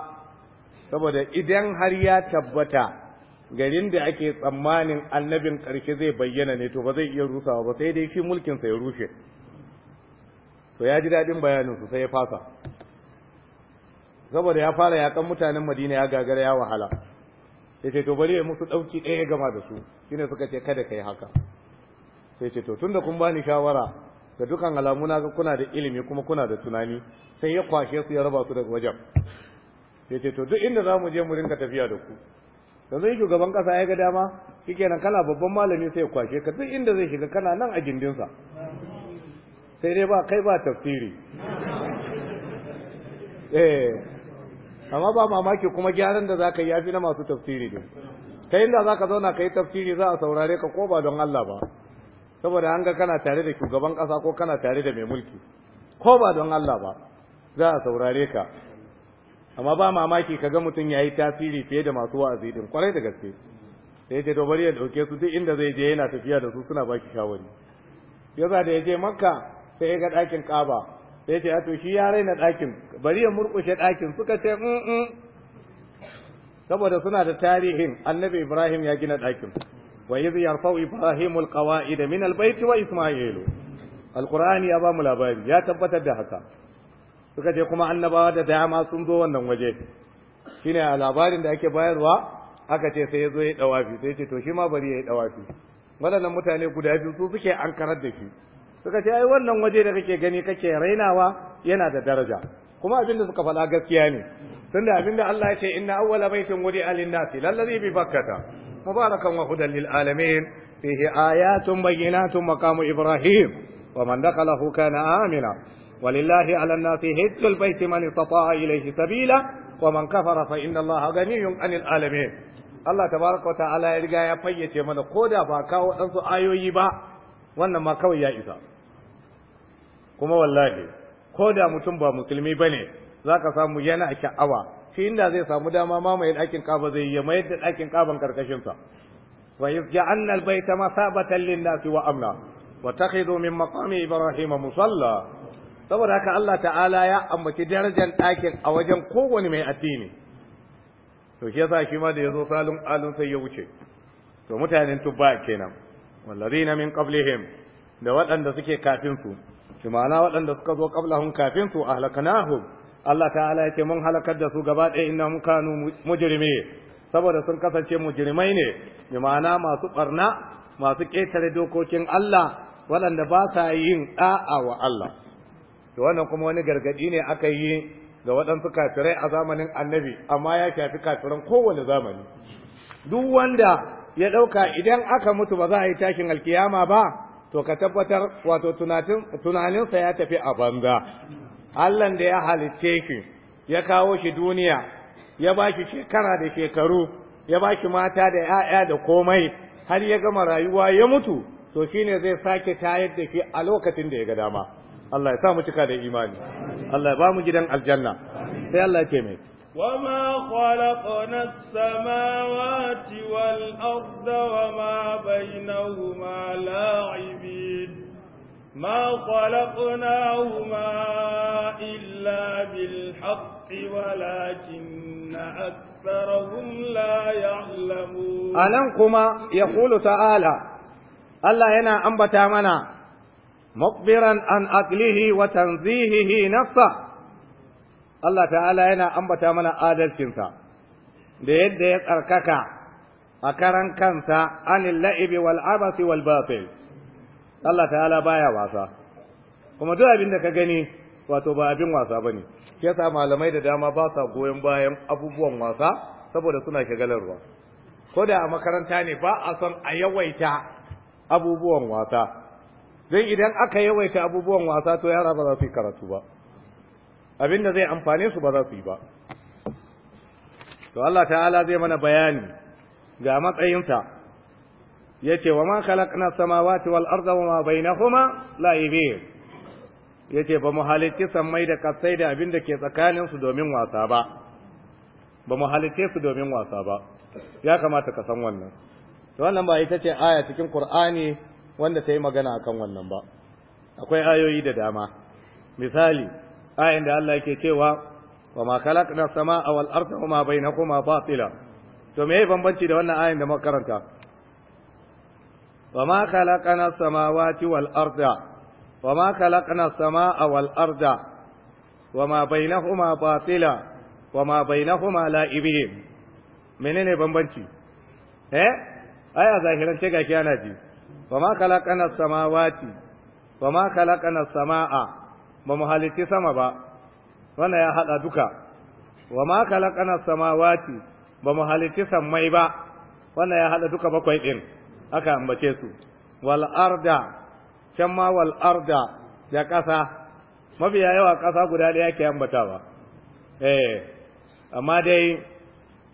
saboda idan har ya tabbata garin da ake tsammanin annabin ƙarshe zai bayyana ne to ba zai iya rusawa ba sai dai shi mulkinsa ya rushe to ya ji daɗin bayaninsu sai ya fasa saboda ya fara yakan mutanen madina ya gagara ya wahala ya ce to bari ya musu ɗauki ɗaya ya gama da su shine suka ce kada ka yi haka sai ce to tunda kun bani shawara ga dukan alamu na kuna da ilimi kuma kuna da tunani sai ya kwashe su ya raba su daga wajen sai ce to duk inda za mu je mu rinka tafiya da ku yanzu yi shugaban kasa ya ga dama nan kana babban malami sai ya kwashe ka duk inda zai shiga kana nan a gindinsa sai dai ba kai ba tafsiri [LAUGHS] eh amma ba mamaki kuma gyaran da zaka yi yafi na masu tafsiri din ta inda zaka zauna kai tafsiri za a saurare ka ko ba don Allah ba saboda an ga kana tare da shugaban kasa ko kana tare da mai mulki ko ba don Allah ba za a saurare ka amma ba mamaki kaga mutum yayi tasiri fiye da masu wa'azi din kwarai da gaske sai ya to bari ya dauke su duk inda zai je yana tafiya da su suna baki shawari yasa da ya je makka sai ya ga dakin kaba sai ce to shi ya raina ɗakin bari ya murƙushe ɗakin suka ce saboda suna da tarihin annabi ibrahim ya gina dakin wa yi yarfau ibrahim alqawaid min albayt wa isma'ilu alqur'ani ya ba mu labari ya tabbatar da haka suka ce kuma annabawa da dama sun zo wannan waje shine a labarin da ake bayarwa aka ce sai ya zo ya dawafi sai ce to shi ma bari ya yi dawafi waɗannan mutane guda biyu su suke ankarar da shi suka ce ai wannan waje da kake gani kake rainawa yana da daraja kuma abin da suka faɗa gaskiya ne tunda abin da Allah ya ce inna awwala baitin wudi alin nasi lallazi bi bakkata tabarakan wa hudan lil alamin fihi ayatun bayyinatun maqamu ibrahim wa man dakalahu kana amina walillahi ala nasi hajjul baiti man istata'a ilayhi sabila wa man kafara fa inna allaha ganiyyun anil alamin Allah tabaraka wa ta'ala ya riga ya fayyace mana koda ba kawo dan su ayoyi ba wannan ma kawai ya isa kuma wallahi ko da mutum ba musulmi bane zaka samu yana sha'awa shi inda zai samu dama mamaye ɗakin kaba zai ya mayar da ɗakin kaban karkashin sa wa yaj'alna al ta masabatan lin-nasi wa amna wa takhidhu min maqami ibrahima musalla saboda haka Allah ta'ala ya ambaci darajar ɗakin a wajen kowane mai addini to shi yasa shi ma da yazo salun alun sai ya wuce to mutanen tubba kenan wallazina min qablihim da waɗanda suke kafin su bi ma'ana waɗanda suka zo qablahum kafin su a ahlakanahum Allah ta'ala ya ce mun halakar da su gaba ɗaya ina kanu mujrimi saboda sun kasance mujirimai ne bi ma'ana masu barna masu ƙetare dokokin Allah waɗanda ba sa yin ɗa'a wa Allah to wannan kuma wani gargaɗi ne aka yi ga waɗansu kafirai a zamanin annabi amma ya shafi kafiran kowane zamani duk wanda ya ɗauka idan aka mutu ba za a yi tashin alkiyama ba to ka tabbatar wato tunaninsa ya tafi a banza Allahn da ya halicce shi ya kawo shi duniya ya ba shi shekara da shekaru ya ba shi mata da ‘ya'ya da komai har ya gama rayuwa ya mutu to shi ne zai sake tayar da shi a lokacin da ya ga dama Allah ya sa mu cika da imani Allah ya ba mu gidan aljanna sai Allah ya ce mai وما خلقنا السماوات والأرض وما بينهما لاعبين ما خلقناهما إلا بالحق ولكن أكثرهم لا يعلمون ألنكما يقول تعالى الله هنا أنبت منا مخبرا عن أكله وتنزيهه نفسه Allah ta'ala yana ambata mana adalcinsa da yadda ya tsarkaka a karan kansa anil la'ibi wal abasi wal batil Allah ta'ala baya wasa kuma duk abin da ka gani wato ba abin wasa bane shi yasa malamai da dama ba sa goyon bayan abubuwan wasa saboda suna wa. ko da a makaranta ne ba a son a yawaita abubuwan wasa don idan aka yawaita abubuwan wasa to yara ba za su yi karatu ba Abin da zai amfane su ba za su yi ba to Allah ta'ala zai mana bayani ga matsayinsa yace wa ma khalaqna samawati wal arda wa ma bainahuma la'ibin yace ba mu halitti sammai da katsai da abin da ke tsakanin su domin wasa ba ba mu halitte su domin wasa ba ya kamata ka san wannan to wannan ba ita ce aya cikin Qur'ani wanda ta yi magana akan wannan ba akwai ayoyi da dama misali ayin da Allah yake cewa wa ma khalaqna samaa wal arda wa ma bainakuma batila to me bambanci da wannan ayin da muka karanta wa ma khalaqna samawati wal arda wa ma khalaqna samaa wal arda wa ma bainakuma batila wa ma bainakuma la'ibin menene bambanci eh aya ce ga kiyana ji wa ma khalaqna samawati wa ma khalaqna samaa ba mu halitti sama ba wannan ya haɗa duka wa ma kalaqana samawati ba mu halitti sammai ba wannan ya haɗa duka bakwai ɗin aka ambace su wal arda can ma wal arda ya ƙasa mafiya yawa ƙasa guda ɗaya ke ambatawa eh amma dai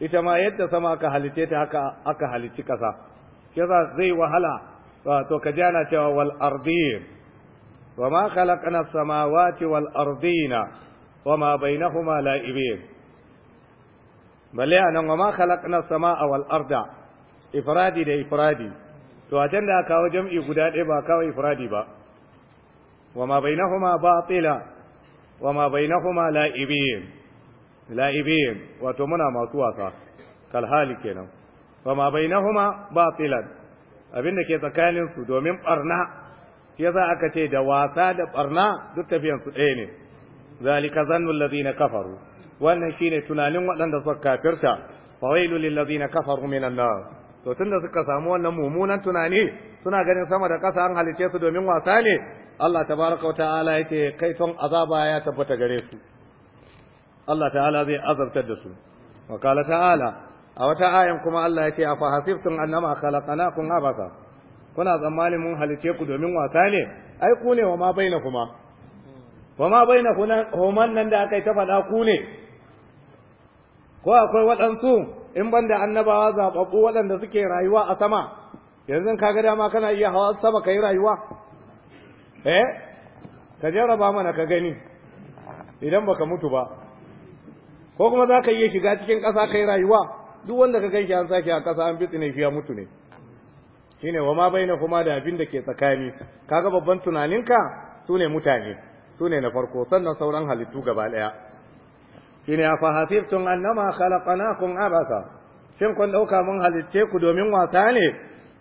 ita ma yadda sama aka halice ta haka aka halici ƙasa kisa zai wahala to ka jana cewa wal ardi وما خلقنا السماوات والأرضين وما بينهما لائبين بل يعني وما خلقنا السماء والأرض إفرادي ده إفرادي تو أجندا كاو جمعي قداد إبا كاو إفرادي با وما بينهما باطلا وما بينهما لائبين لائبين وتمنى ما تواسا كالحال كنا وما بينهما باطلا abin da ke tsakaninsu domin barna ya za aka ce da wasa da barna duk su ɗaya ne zalika zannu allazina kafaru wannan shine tunanin waɗanda suka kafirta fawailul lil ladzina kafaru minan nar to tunda suka samu wannan mummunan tunani suna ganin sama da ƙasa an halice su domin wasa ne Allah tabaraka wata'ala yace kai son azaba ya tabbata gare su Allah ta'ala zai azabtar da su wa ta'ala a wata ayan kuma Allah yace afa hasibtum annama khalaqnakum abasa kuna tsammanin mun halice ku domin wasa ne ai ku ne wa ma baina kuma wa ma baina homan nan da aka yi ta faɗa ku ne ko akwai waɗansu in banda annabawa zaɓaɓɓu waɗanda suke rayuwa a sama yanzu kaga dama kana iya hawa sama ka yi rayuwa eh ka jarraba mana ka gani idan baka mutu ba ko kuma za ka iya shiga cikin ƙasa ka yi rayuwa duk wanda ka gaishe an sake a ƙasa an bitsi ne fiya mutu ne shine wa ma kuma da abin da ke tsakani kaga babban tunaninka sune mutane sune na farko sannan sauran halittu gaba daya shine afa tun annama khalaqnakum abasa shin kun dauka mun halitte ku domin wasa ne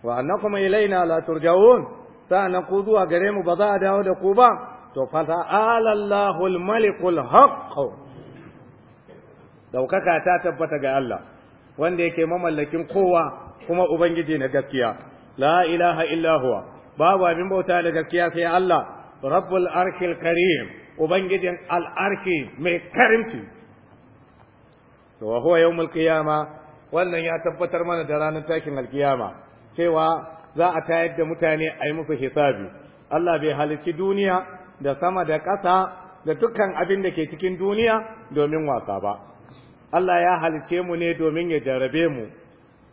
wa annakum ilaina la turja'un sa'an ku zuwa gare mu ba za a dawo da ku ba to fa ta'ala Allahul malikul haqq daukaka ta tabbata ga Allah wanda yake mamallakin kowa kuma ubangiji na gaskiya la ilaha illa huwa babu abin bauta da gaskiya sai Allah rabbul arshil karim ubangijin al'arki mai karimci to wa huwa yawmul qiyama wannan ya tabbatar mana da ranar takin alkiyama cewa za a tayar da mutane a yi musu hisabi Allah bai halicci duniya da sama da ƙasa da dukkan abin da ke cikin duniya domin wasa ba Allah ya halicce mu ne domin ya jarabe mu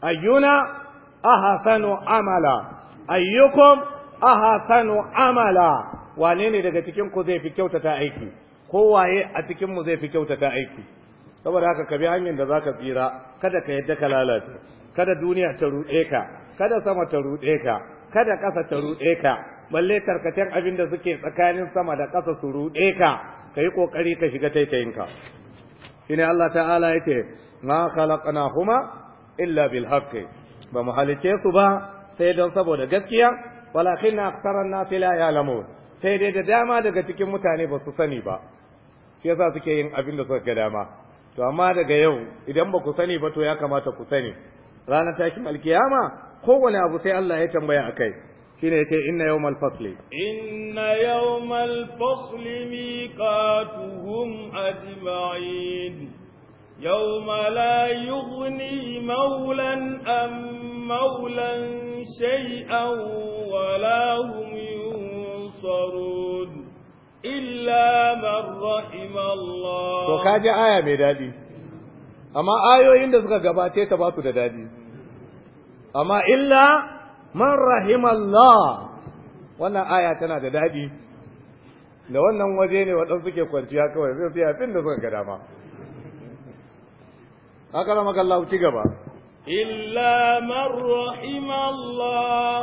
ayyuna ahsanu amala ayyukum ahsanu amala wane ne daga cikin ku zai fi kyautata aiki kowaye a cikin mu zai fi kyautata aiki saboda haka ka bi hanyar da zaka tsira kada ka yadda ka lalace kada duniya ta ruɗe ka kada sama ta ruɗe ka kada ƙasa ta ruɗe ka balle tarkacen abin da suke tsakanin sama da ƙasa su ruɗe ka ka yi ƙoƙari ka shiga taitayinka shine Allah ta'ala yake ma khalaqnahuma illa bil haqqi ba mu halice su ba sai don saboda gaskiya walakin aktharan nasi la lamu. sai dai da dama daga cikin mutane ba su sani ba shi yasa suke yin abin da suka ga dama to amma daga yau idan ba ku sani ba to ya kamata ku sani ranar tashin alkiyama kowane abu sai Allah ya tambaya akai shine yace inna yawmal fasli inna yawmal fasli miqatuhum ajma'in يوم لا يغني مولا أم مولا شيئا ولا هم ينصرون إلا من رحم الله وكاجة آية ميدادي أما آية إن دسك قباتي تباسو دادي أما إلا من رحم الله وانا آية tana دادي لو da wannan waje ne waɗansu ke kwanciya kawai zai fiye maka Allah ci gaba illa man rahima Allah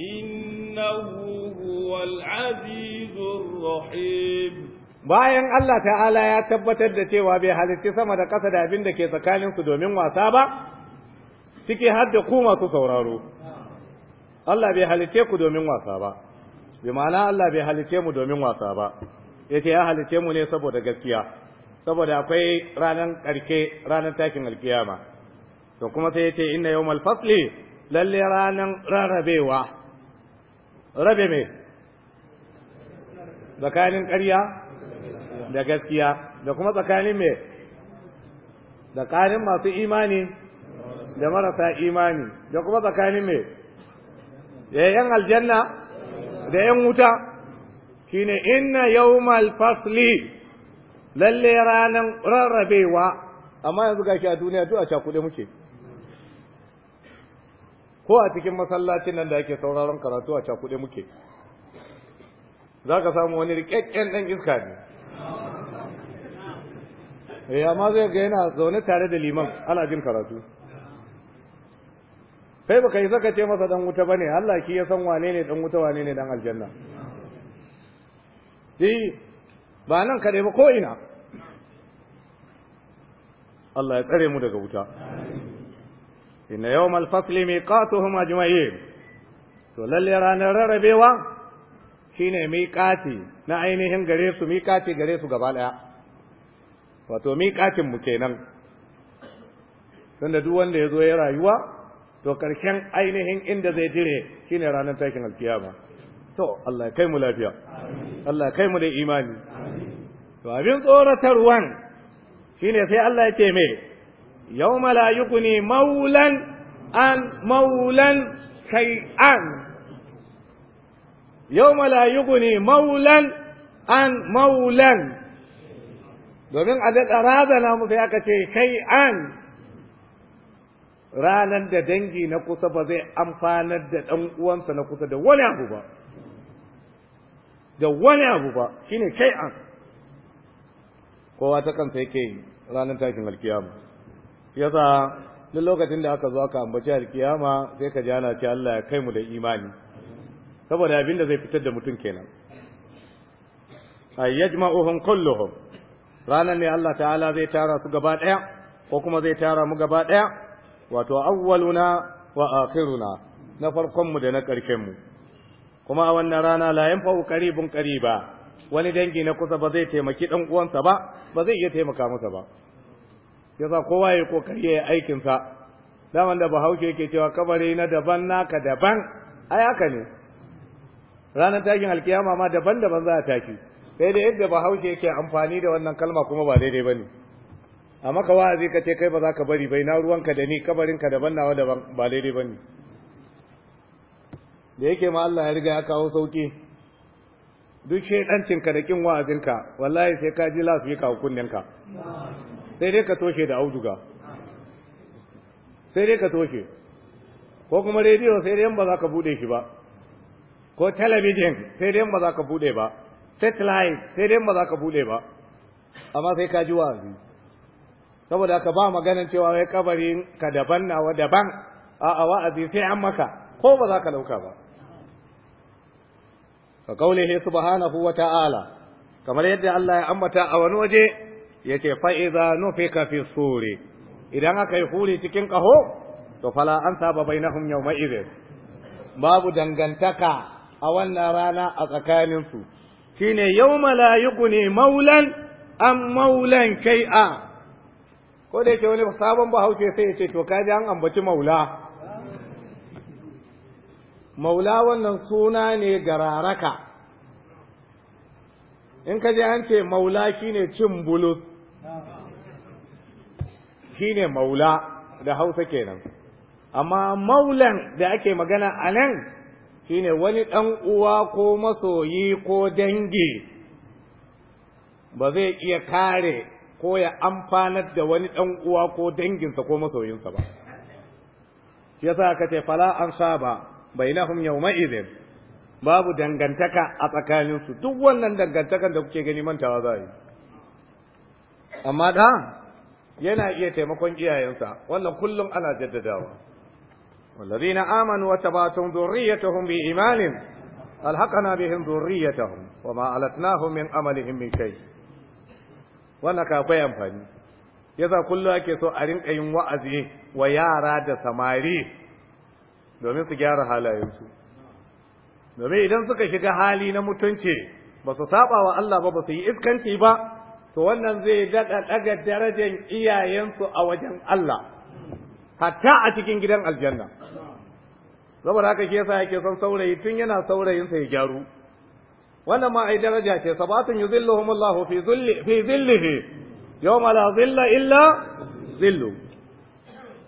innahu huwal azizur rahim bayan Allah ta'ala ya tabbatar da cewa bai halitti sama da ƙasa da abin da ke tsakanin su domin wasa ba ciki har da ku masu sauraro Allah bai halice ku domin wasa ba bi ma'ana Allah bai halice mu domin wasa ba yace ya halice mu ne saboda gaskiya saboda akwai ranar ƙarke ranar takin alkiyama to kuma sai ya ce inna yawmal fasli lalle ranar rarrabewa rabe me tsakanin ƙarya da gaskiya da kuma tsakanin me tsakanin masu imani da marasa imani da kuma tsakanin me da yan aljanna da yan wuta shine inna yawmal fasli lalle ranan rarrabewa amma yanzu gashi a duniya duk a cakuɗe muke ko a cikin masallacin nan da ake sauraron karatu a cakuɗe muke za ka samu wani rikakken ɗan iska ne eh, amma zai ga yana zaune tare da liman ana jin karatu kai baka yi saka ce masa dan wuta bane Allah ki ya san wane ne dan wuta wane ne dan aljanna eh ba nan kare ba ko'ina. Allah ya tsare mu daga wuta Ina inna mai fasli hama jima'i? to lalle ranar rarrabewa shine miqati na ainihin gare su kati gare su gaba daya wato miqatin mu kenan tunda duk wanda zo ya rayuwa to karshen ainihin inda zai dire ne ranar taikin alkiyama to Allah ya kai mu lafiya Allah ya kai mu da imani to abin tsoratarwan shine sai Allah ya ce me yawma la ne maulan an maulan an. yawma la ne maulan an maulan domin a daɗa razana mu sai aka ce kai an ranar da dangi na kusa ba zai amfanar da ɗan uwansa na kusa da wani abu ba da wani abu ba shine kai an kowa ta kansa yake ranar tashin alkiyama yasa duk lokacin da aka zo aka ambaci alkiyama sai ka jana ce Allah ya kai mu da imani saboda abin da zai fitar da mutum kenan ay yajma'uhum kulluhum ranar ne Allah ta'ala zai tara su gaba daya ko kuma zai tara mu gaba daya wato awwaluna wa akhiruna na farkon mu da na karshen mu kuma a wannan rana la yanfa'u qaribun qariba wani dangi na kusa ba zai taimaki dan uwansa ba ba zai iya taimaka masa ba yasa kowa ya kokari ya yi aikin sa daman da bahaushe yake cewa kabari na daban naka daban ai haka ne ranar takin alkiyama ma daban-daban za a taki sai da yadda bahaushe yake amfani da wannan kalma kuma ba daidai bane a maka wa'azi ka ce kai ba za ka bari bai na ruwanka da ni kabarinka daban nawa daban ba daidai bane da yake ma Allah ya riga ya kawo sauki duk shaidancinka da kin wa'azinka wallahi sai ka ji lasu ka hukunninka sai dai ka toshe da auduga sai dai ka toshe ko kuma rediyo sai dai ba za ka bude shi ba ko talabijin sai dai ba za ka bude ba satellite sai dai ba za ka bude ba amma sai ka ji wa'azi saboda ka ba maganin cewa wai kabarin ka daban na wa daban a'a wa'azi sai an maka ko ba za ka dauka ba ka kaule su subhanahu wa ta'ala kamar yadda Allah ya ambata a wani waje yace fa iza nufika fi suri idan aka yi huri cikin kaho to fala an saba bainahum yawma idh babu dangantaka a wannan rana a tsakanin su shine yawma la yughni maulan am maulan kai'a ko da yake wani sabon bahaushe sai ya ce to kaji an ambaci maula maula wannan suna ne gararaka in ka je an ce maula shine cin bulus shine maula da hausa kenan amma maulan da ake magana a nan shine wani ɗan uwa ko masoyi ko dangi ba zai iya kare ko ya amfanar da wani ɗan uwa ko danginsa ko masoyinsa ba shi yasa ka ce fala an sha ba bainahum yawma idhin babu dangantaka a tsakaninsu duk wannan dangantakan da kuke gani mantawa za yi amma da yana iya taimakon iyayensa wannan kullum ana jaddadawa والذين آمنوا وتبعتهم ذريتهم بإيمان ألحقنا بهم ذريتهم وما ألتناهم من أملهم من kai? wannan ka akwai amfani yasa kullum ake so a rinka yin wa'azi wa yara da samari domin su gyara halayensu domin idan suka shiga hali na mutunci ba su saba wa Allah ba ba su yi iskanci ba to wannan zai daɗa daga darajar iyayensu a wajen Allah hatta a cikin gidan aljanna saboda haka ke sa yake son saurayi tun yana saurayinsa ya gyaru wannan ma ai daraja ce sabatun yuzilluhumullahu fi zillihi yawma la zilla illa zillu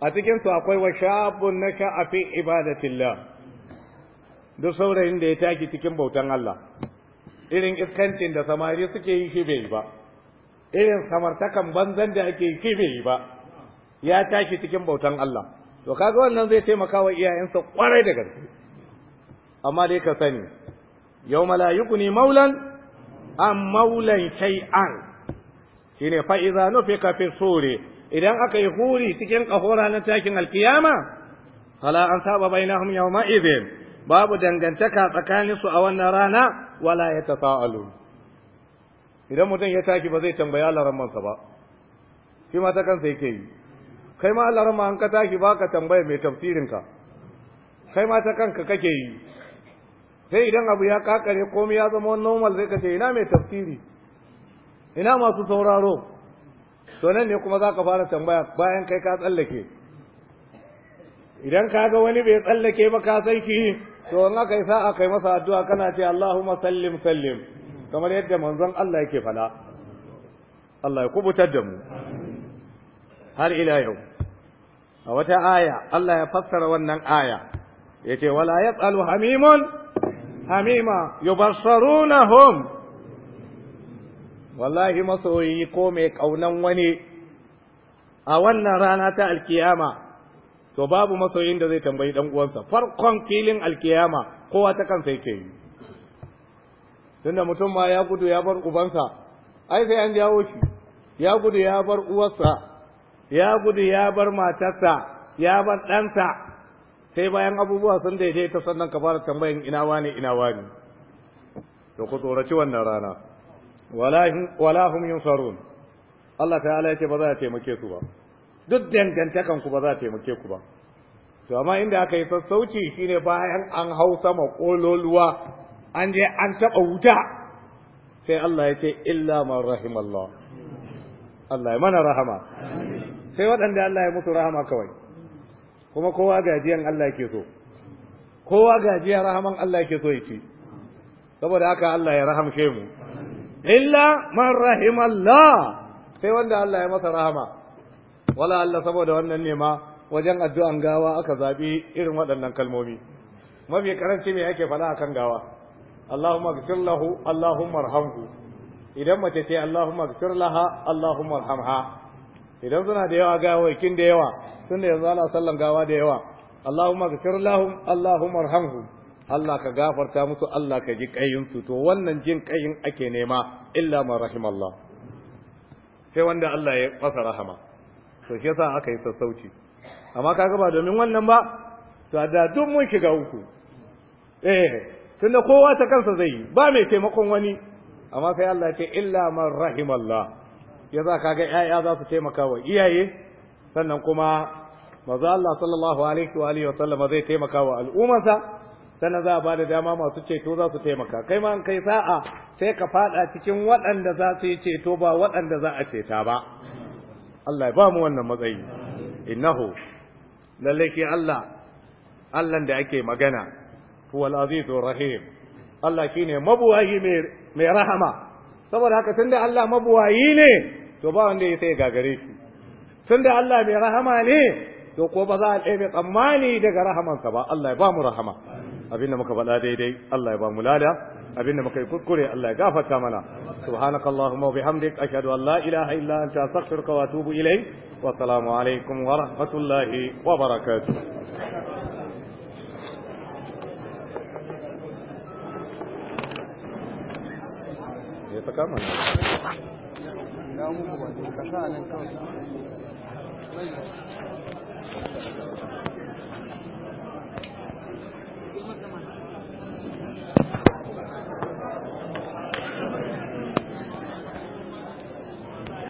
a cikin su akwai wa shabun a fi ibadatillah duk saurayin da ya taki cikin bautan Allah irin iskancin da samari suke yi shi bai ba irin samartakan banzan da ake yi shi bai ba ya tashi cikin bautan Allah to kaga wannan zai taimaka wa iyayensa kwarai da gaske amma dai ka sani yawma la yuqni maulan am maulan shay'an shine fa idza nufika fi suri idan aka yi huri cikin kahora na takin alkiyama hala an saba bainahum yawma idhin babu dangantaka tsakanin su a wannan rana wala ya fa'alu idan mutum ya taki ba zai tambaya alarar mansa ba shi ma ta kansa yake yi kai ma alarar ma an ka taki ba ka tambaya mai tafsirin ka kai ma ta kanka kake yi sai idan abu ya kakare komai ya zama normal zai kace ina mai tafsiri ina masu sauraro So nan ne kuma za ka fara tambaya bayan kai ka tsallake idan ka ga wani bai tsallake ba ka sai ki to in aka yi sa'a kai masa addu'a kana ce Allahumma sallim sallim kamar yadda manzon Allah yake fada Allah ya kubutar da mu har ila yau a wata aya Allah ya fassara wannan aya yace wala yasalu hamimun hamima yubasharunahum wallahi masoyi ko mai kaunan wani a wannan rana ta alkiyama to babu masoyin da zai tambayi dan uwansa farkon filin alkiyama kowa ta kansa yake yi tunda mutum ma ya gudu ya bar ubansa ai sai an jawo shi ya gudu ya bar uwarsa ya gudu ya bar matarsa ya bar ɗansa sai bayan abubuwa sun daidaita sannan ka fara tambayan ina wani ina wani to ku tsoraci wannan rana wala hum yunsarun Allah ta'ala yake ba za a taimake su ba duk dangantakan ku ba za a taimake ku ba to amma inda aka yi sassauci shine bayan an hau sama kololuwa an je an saba wuta sai Allah ya ce illa man rahimallah Allah ya mana rahama sai waɗanda Allah ya musu rahama kawai kuma kowa gajiyan Allah yake so kowa gajiya rahaman Allah yake so yake saboda haka Allah ya rahamshe mu illa man rahimallah sai wanda Allah ya masa rahama wala Allah saboda wannan ne ma wajen addu'an gawa aka zabi irin waɗannan kalmomi mafi karanci me yake faɗa akan gawa Allahumma ighfir lahu Allahumma arhamhu idan mace ce Allahumma ighfir laha Allahumma arhamha idan suna da yawa gawa kin da yawa tunda yanzu ana sallan gawa da yawa Allahumma ighfir lahum Allahumma arhamhum Allah ka gafarta musu Allah ka ji kayinsu to wannan jin kayin ake nema illa ma rahimallah sai wanda Allah ya masa rahama to shi yasa aka yi sassauci amma kaga ba domin wannan ba to da duk mun shiga uku eh tunda kowa ta kansa zai yi ba mai taimakon wani amma sai Allah ce illa man rahimallah yasa kaga yaya za su taimaka wa iyaye sannan kuma maza Allah sallallahu alaihi wa alihi wa sallam zai taimaka wa al'ummarsa sannan za a ba da dama masu ceto za su taimaka kai ma kai sa'a sai ka fada cikin waɗanda za su yi ceto ba waɗanda za a ceta ba Allah ya ba mu wannan matsayi innahu lalle ke Allah Allah da ake magana huwal azizur rahim Allah shine mabuwayi mai rahama saboda haka tunda Allah mabuwayi ne to ba wanda ya sai gagare shi tunda Allah mai rahama ne to ko ba za a ɗebe tsammani daga rahamansa ba Allah ya ba mu rahama abinda muka faɗa daidai Allah ya ba mu lada abinda muka yi kuskure Allah ya gafarta mana subhanakallahumma wa bihamdik ashhadu an la ilaha illa anta astaghfiruka wa atubu ilayk wa assalamu alaikum wa rahmatullahi wa barakatuh ya ta